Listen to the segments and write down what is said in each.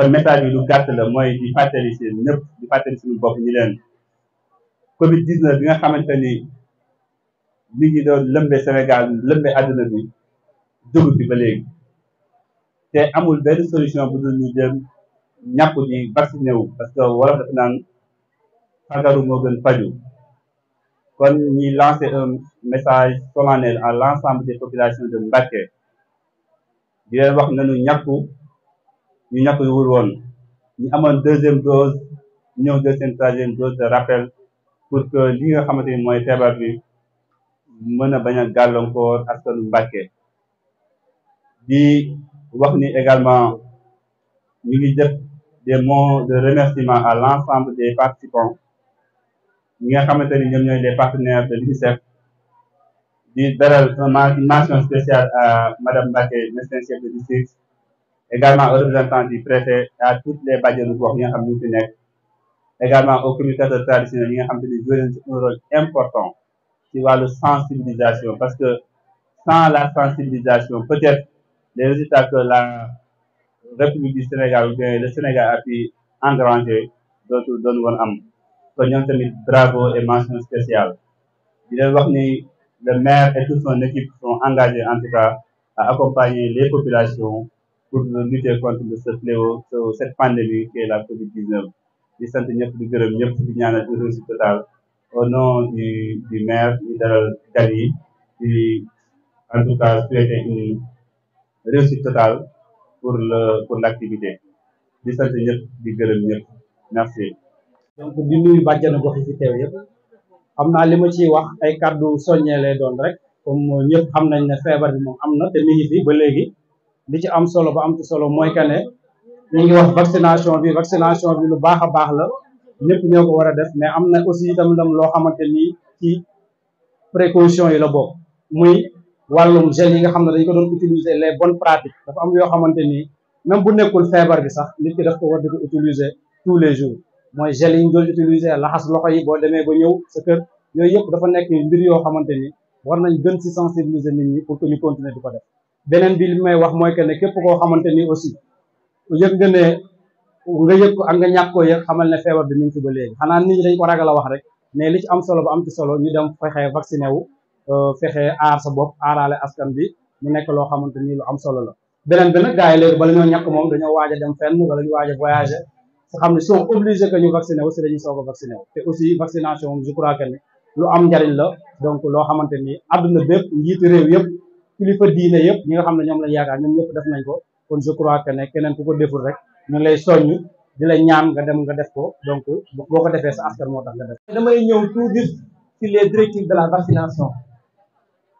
kon message bi lu gàtt la mooy di fàttali seen ñëpp di fàttali suñu bopp ñi leen Covid 19 bi nga xamante ni mi ngi doon Sénégal lëmbe àdduna bi jógu fi ba léegi te amul benn solution bu dul ñu dem ñàpp di vacciné wu parce que wolof dafa naan fagaru moo gën faju kon ñi lancé message solennel à l'ensemble des populations de Mbacké di leen wax nañu ñàkku ñu ñàkk wul woon ñu amoon deuxième dose ñëw jël seen troisième dose de rappel pour que li nga xamante ni mooy feebar bi mën a bañ a gàllankoor askanu Mbàkke di wax ni également ñu ngi def des mots de remerciement à l'ensemble des participants ñi nga xamante ni ñoom ñooy les partenaire de l'UNICEF di beral une mention spéciale à madame Mbacke médecin chef de district également aux représentants du préfet à toutes les bajenu gox yi nga xam ne ñu nekk également aux communicateurs traditionnels yi nga xam te ne joué ci important wàllu sensibilisation parce que sans la sensibilisation peut-être les résultats que la République du Sénégal ou bien le Sénégal a pu engranger dootul doon woon am kon ñoom bravo et mention spéciale di leen wax ni le maire et toute son équipe sont engagés en tout cas à accompagner les populations pour lutter contre ce fléau cette pandémie qui est la Covid-19 di sant ñëpp di gërëm ñëpp di ñaanal une réussite totale au nom du yi di en cas souhaiter une réussite totale pour pour l'activité di sant ñëpp di gërëm ñëpp merci. donc di nuyu bàjjenu gox yi fi teew yëpp xam naa li ma ciy wax ay kàddu soññee doon rek comme ñëpp xam nañ ne feebar bi moom am na te mi ba léegi. di ci am solo ba am ci solo mooy que ne ñu ngi wax vaccination bi vaccination bi lu baax a baax la ñëpp ñoo ko war a def mais am na aussi itam itam loo xamante nii ci précaution yi la boo muy wàllum gel yi nga xam ne dañ ko doon utiliser les bonnes pratiques dafa am yoo xamante ni même bu nekkul feebar bi sax nit ki daf ko war di ko utiliser tous les jours mooy gel yi ñu doon utiliser laxas loxo yi boo demee ba ñëw sa kër yooyu yëpp dafa nekk mbir yoo xamante ni war nañ gën si sensibiliser nit ñi di ko def beneen bi li may wax mooy que ne képp koo xamante ni aussi yëg nga ne nga yëg ko am nga ñàkk koo yëg xamal ne feebar bi mi ngi fi ba léegi xanaa nit ñi dañ ko ragal a wax rek mais li ci am solo ba am ci solo ñu dem fexe vacciné wu euh, fexe aar sa bopp aaraale askan bi mu nekk loo xamante ni lu am solo la beneen bi nag gars yi léegi bala ñoo ñàkk moom dañoo waaj wala ñu waaj a voyagé su xam ñu vacciné wu si dañu soo a vacciné wu te aussi vaccination je crois lu am njariñ la donc loo xamante ni àdduna bépp njiitu réew yëpp kilifa diine yëpp ñi nga xam ne ñoom lañ yaakaar ñoom ñëpp def nañ ko kon je crois que ne keneen ku ko deful rek ñu lay soññ di la ñaan nga dem nga def ko donc boo ko defee sa askan moo tax nga def damay ñëw tout juste ci les directives de la vaccination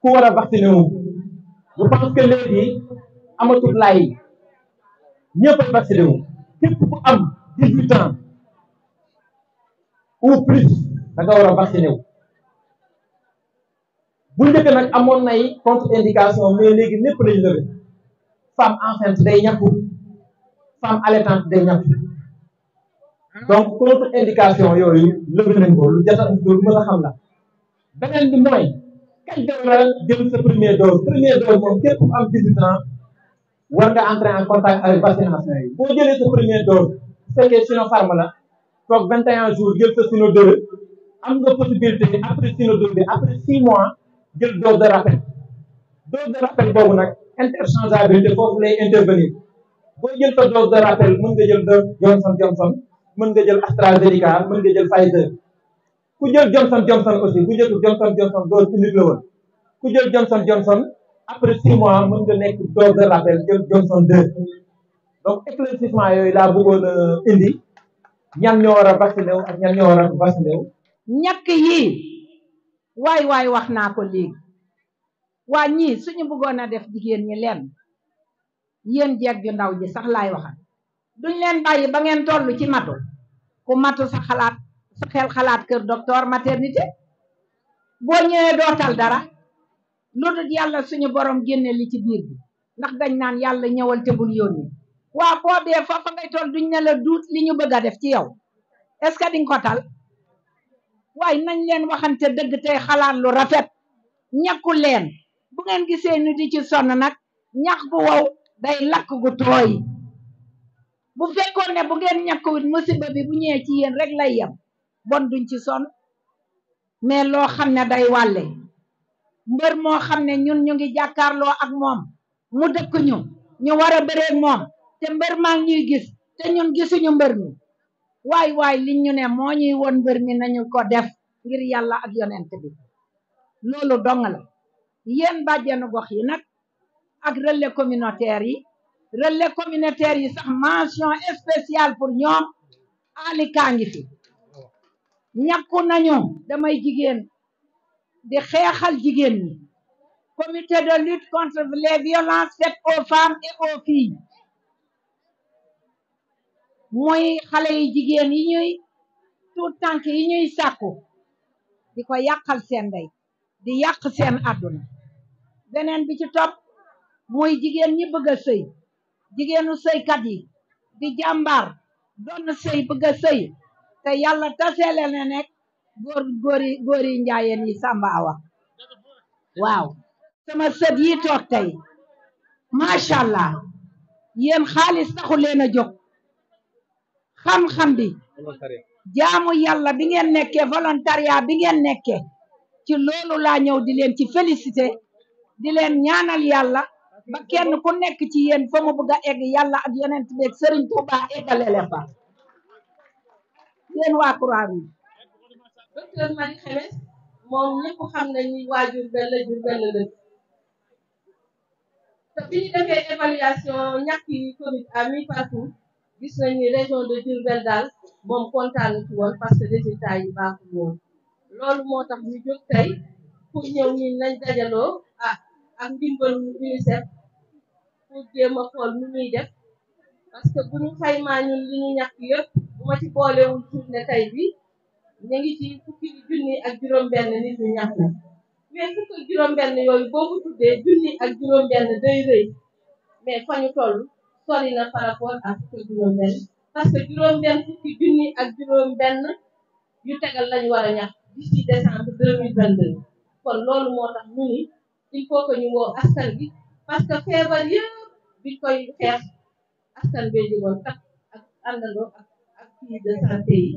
ku war a vacciné wu je pense que léegi amatul laay ñëpp a képp ku am 18 ans ou plus da nga war a vacciné wu bu njëkk nag amoon nay contre indication mais léegi lépp lañu lële femme enceinte day ñàkku femme allaitante day ñàkku donc contre indication yooyu lële nañ ko lu jata lu mën a xam la beneen bi mooy kañ nga a jël sa première dose première dose moom képp am 18 war nga entrer en contact avec vaccination yi boo jëlee sa première dose bu fekkee Sinopharm la toog 21 jours jël sa Sino 2 am nga possibilité après Sino 2 après 6 mois jël dose de rappel dose de rappel boobu nag interchangeabilité foofu lay intervenir boo jël sa dose de rappel mën nga jël dose Johnson Johnson mën nga jël AstraZeneca mën nga jël Pfizer ku jël Johnson Johnson aussi ku jël Johnson Johnson dose unique la woon ku jël Johnson Johnson après six mois mën nga nekk dose de rappel jël Johnson 2 donc éclaircissement yooyu laa bëggoon a euh, indi ñan ñoo war a vacciné wu ak ñan ñoo war a vacciné wu waay waay wax naa ko léegi waa ñii suñu bëggoon a def jigéen ñi leen yéen jeeg ju ndaw ji sax laay waxal duñ leen bàyyi ba ngeen toll ci matu ku matu sa xalaat sa xel xalaat kër docteur maternité boo ñëwee dootal dara lu dul yàlla suñu borom génne li ci biir bi ndax dañ naan yàlla ñëwal te bul yónni waa boobee fa ngay toll duñ ne la duut li ñu bëgg a def ci yow est-ce que dinga ko tal waaye nañ leen waxante dëgg tey xalaat lu rafet ñàkku leen bu ngeen gisee ñu di ci sonn nag ñax gu wow day lakk gu tooy bu fekkoon ne bu ngeen ñàkkuwit musiba bi bu ñëwee ci yéen rek lay yem bon duñ ci sonn mais loo xam ne day wàlle mbër moo xam ne ñun ñu ngi jàkkaarloo ak moom mu dëkk ñu ñu war moom te mbër maa ngi ñuy gis te ñun gisuñu mbër mi waay waay li ñu ne moo ñuy woon mbër mi nañu ko def ngir yàlla ak yonent bi loolu dong la yéen bàjjenu gox yi nag ak relais communautaire yi relais communautaire yi sax mention spéciale pour ñoom alikaa ngi fi ñàkku nañu damay jigéen di xeexal jigéen ñi comité de lutte contre les violences faites aux femmes et aux filles mooy xale yi jigéen yi ñuy tuut tànk yi ñuy sàkku di ko yàqal seen ndey di yàq seen àdduna beneen bi ci topp mooy jigéen ñi bëgg sëy jigéenu sëykat yi di jàmbaar doon sëy bëgg sëy te yàlla taseele ne nekk góor góori góori njaayeen yi sàmba waaw sama sët yi toog tey macha allah yéen xaalis taxu leen a jóg xam-xam bi jaamu yàlla bi ngeen nekkee volontariat bi ngeen nekkee ci loolu laa ñëw di leen ci félicité di leen ñaanal yàlla ba kenn ku nekk ci yéen fa mu bëgg egg yàlla ak yonent beeg Serigne Touba eggale leen fa waa Croix-Rouge Marie Xemes moom ñëpp xam nañu waa Diourbel la Diourbel la dëkk te bi ñu defee évaluation ñàkk yi Covid à mi parcours gis nañ ni région de Diourbel daal moom kontaan ci woon parce que résultat yi baaxul woon loolu moo tax ñu jóg pour ñëw ñi nañ dajaloo ah ak ndimbalu UNICEF pour jéem a nu muy def parce que bu ñu xaymaa ñun ñu ñàkk yëpp ma ci boolewul journée tey bi ñu ngi ci fukki junni ak juróom-benn nit ñu ñàkk mais fukk juróom-benn yooyu boo ko tuddee junni ak juróom-benn day rëy mais fa ñu toll sori na par rapport ak fukki juróom benn parce que juróom benn fukki junni ak juróom benn yu tegal lañu war a ñàkk d'ici décembre deux mille vingt deux kon loolu moo tax ñu ni il faut que ñu woo askan bi parce que feebar yëpp bi koy xeex askan bee jógoon takk ak àndandoo ak ak kii de santé yi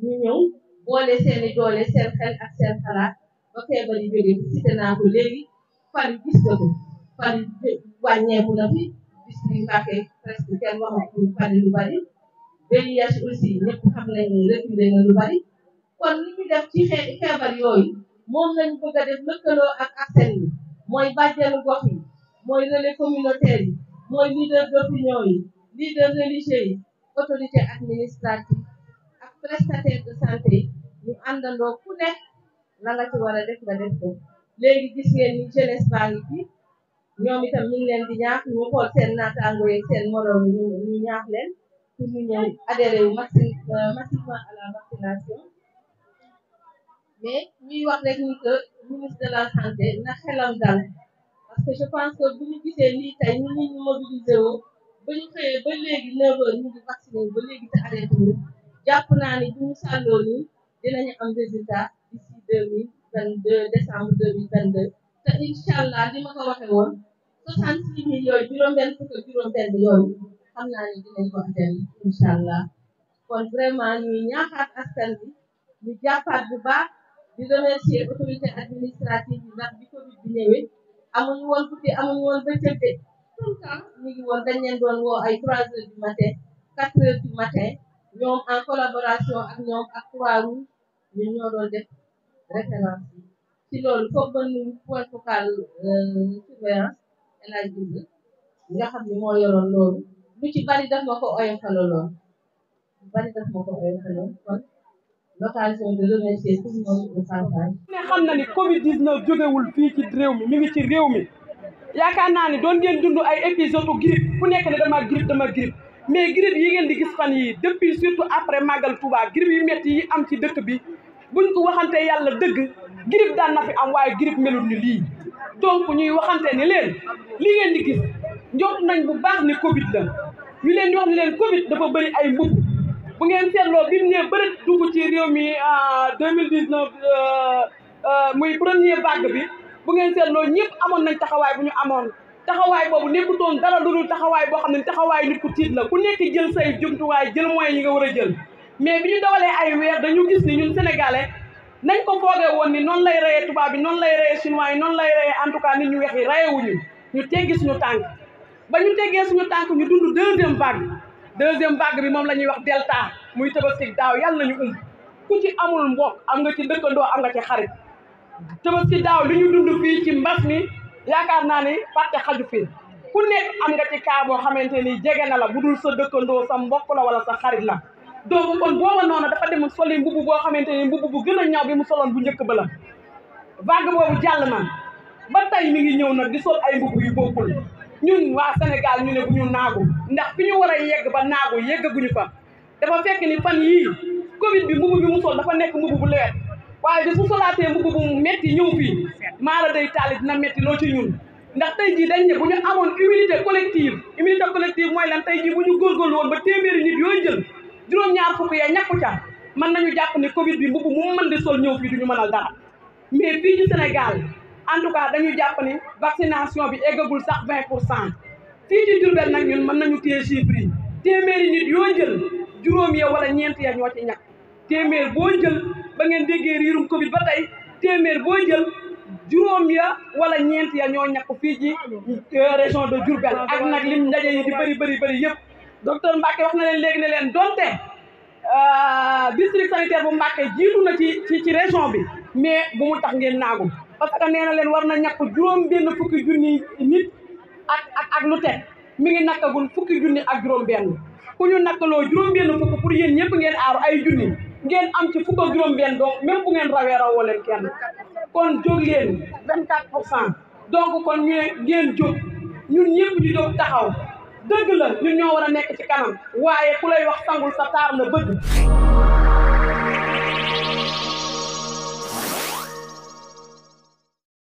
ñu ñëw boole seeni doole seen xel ak seen xalaat ba feebar yi jógee bi cité léegi far yi gis far wàññeeku na fi bis bi Mbacke presque kenn waxatul fan lu bari VIH aussi ñëpp xam nañu ne reculé na lu bari kon li ñu def ci xeeti feebar yooyu moom lañ bëgg a def lëkkaloo ak ARSEN mooy bàjjenu gox yi mooy relais communautaire yi mooy leader d'opinion yi leader religieux yi autorité administrative ak prestataire de santé ñu àndandoo ku nekk la nga war a def nga def ko léegi gis ngeen ni jeunesse baa ñoom itam ñu ngi leen di ñaax ñu xool seen naataango yi seen moroom ñu ñaax leen pour ñu ñëw adhéré euh, massivement à la vaccination mais ñuy wax rek ni que ministre de la santé na ñu gisee ba ñu xëyee ba léegi 9 ñu ngi vacciné ba léegi te arrêté jàpp naa ni bu ñu sàlloo ni dinañu am résultat d'ici deux mille vingt deux décembre deux mille vingt deux te incha li ma ko soixante six mille yooyu juróom-benn fukk ak juróom-benn yooyu xam naa ko atteindre incha allah kon vraiment ñuy ñaaxaat askan bi ñu jàppaat bu baax di remercier autorité administrative yi ndax bi Covid bi ñëwee amuñu woon guddi amuñu woon bëccëg de tout le temps ñu woon dañ leen doon woo ay trois heures du matin quatre heures du matin ñoom en collaboration ak ñoom ak Croix-Rouge ñoo doon def référence bi ci loolu foog ba point focal euh, surveillance El Hadj Diouf xam ne moo yoroon loolu lu ci bari daf ma ko oyofaloon lu bari daf ma ko le monde au passage. na ni Covid 19 jógewul fii ci réew mi mi ngi ci réew mi yaakaar naa ni doon ngeen dund ay épisode u grippe ku nekk ne dama grippe dama grippe mais grippe yi ngeen di gis fan yi depuis surtout après Magal Touba grippe yu métti yi am ci dëkk bi buñ ko waxante yàlla dëgg grippe daan na fi am waaye grippe melul ni lii. donc ñuy waxante ni leen li ngeen di gis njort nañ bu baax ni Covid la ñu leen di ni leen Covid dafa bëri ay mbubb bu ngeen seetloo bi mu nee bëri dugg ci réew mi ah, deux mille dix neuf euh, euh, muy premier vague bi bu ngeen seetloo ñëpp amoon nañ taxawaay bu ñu amoon taxawaay boobu nekkutoon dara lu dul taxawaay boo xam ne taxawaay nit ku tiit la ku nekk jël say jumtuwaay jël moyens yi nga war a jël mais bi ñu dawalee ay weer dañu gis ni ñun sénégalais nañ ko foogee woon ni noonu lay reyee tubaab bi noonu lay reyee chinois yi noonu lay reyee en tout nit ñu weex yi reyewuñu ñu teggi suñu tànk ba ñu teggee suñu tànk ñu dund deuxième vague deuxième vague bi moom la ñuy wax delta muy tabaski daaw yàlla nañu um ku ci amul mbokk am nga ci dëkkandoo am nga ci xarit tabaski daaw li ñu dund fii ci mbas mi yaakaar naa ni fàtte xaju fii ku nekk am nga ci kaa boo xamante ni jege na la bu dul sa dëkkandoo sa mbokk la wala sa xarit la donc kon booba noonu dafa demoon soli mbubb boo xamante ne mbubb bu gën a ñaaw bi mu soloon bu njëkk ba la vague boobu jàll man ba tey mi ngi ñëw nag di sol ay mbubb yu bokkul ñun waa Sénégal ñu ne ñu naagu ndax fi yegg ba naagu yeggaguñu fa dafa fekk ni fan yii Covid bi mbubb bi mu sol dafa nekk mbubb bu leer waaye su solaatee mbubb bu metti ñëw fii maara day taali dina metti loo ci ñun ndax tey jii dañ ne bu ñu amoon immunité collective immunité lan tey jii bu ñu góorgóorlu woon ba téeméeri nit yooyu jël juróom-ñaar fukk ya ñàkku ca mën nañu jàpp ni Covid bi mbubb mu mën di sol ñëw fii du ñu mënal dara mais fii ci Sénégal en dañu jàpp ni vaccination bi eggagul sax 20 pour cent fii ci mën nañu téye chiffre yi yoo juróom ya wala ñeent ya ñoo ci boo jël ba ngeen déggee riirum Covid ba tey téeméer boo jël juróom ya wala ñeent ya ñoo ñàkk fii ci euh, région de Diourbel ak nag lim ndaje yi di bëri bëri bëri yëpp. docteur Mbacke wax na leen léegi ne leen donte euh, district sanitaire bu Mbacke jiitu na ci ci ci région bi mais bu mu tax ngeen naagu parce que nee leen war na ñàkk juróom benn fukki junni nit ak ak ak lu teg mi ngi nakkagul fukki junni ak juróom benn ku ñu nakkaloo juróom benn fukk pour yéen ñëpp ngeen aaru ay junni ngeen am ci fukk ak juróom benn donc même bu ngeen rawee rawoo leen kenn kon jóg leen vingt quatre pour cent donc kon ñu ngeen jóg ñun ñëpp ñu jóg taxaw dëgg la ñun ñoo nekk ci kanam waaye ku lay wax sangul sa taar la bëgg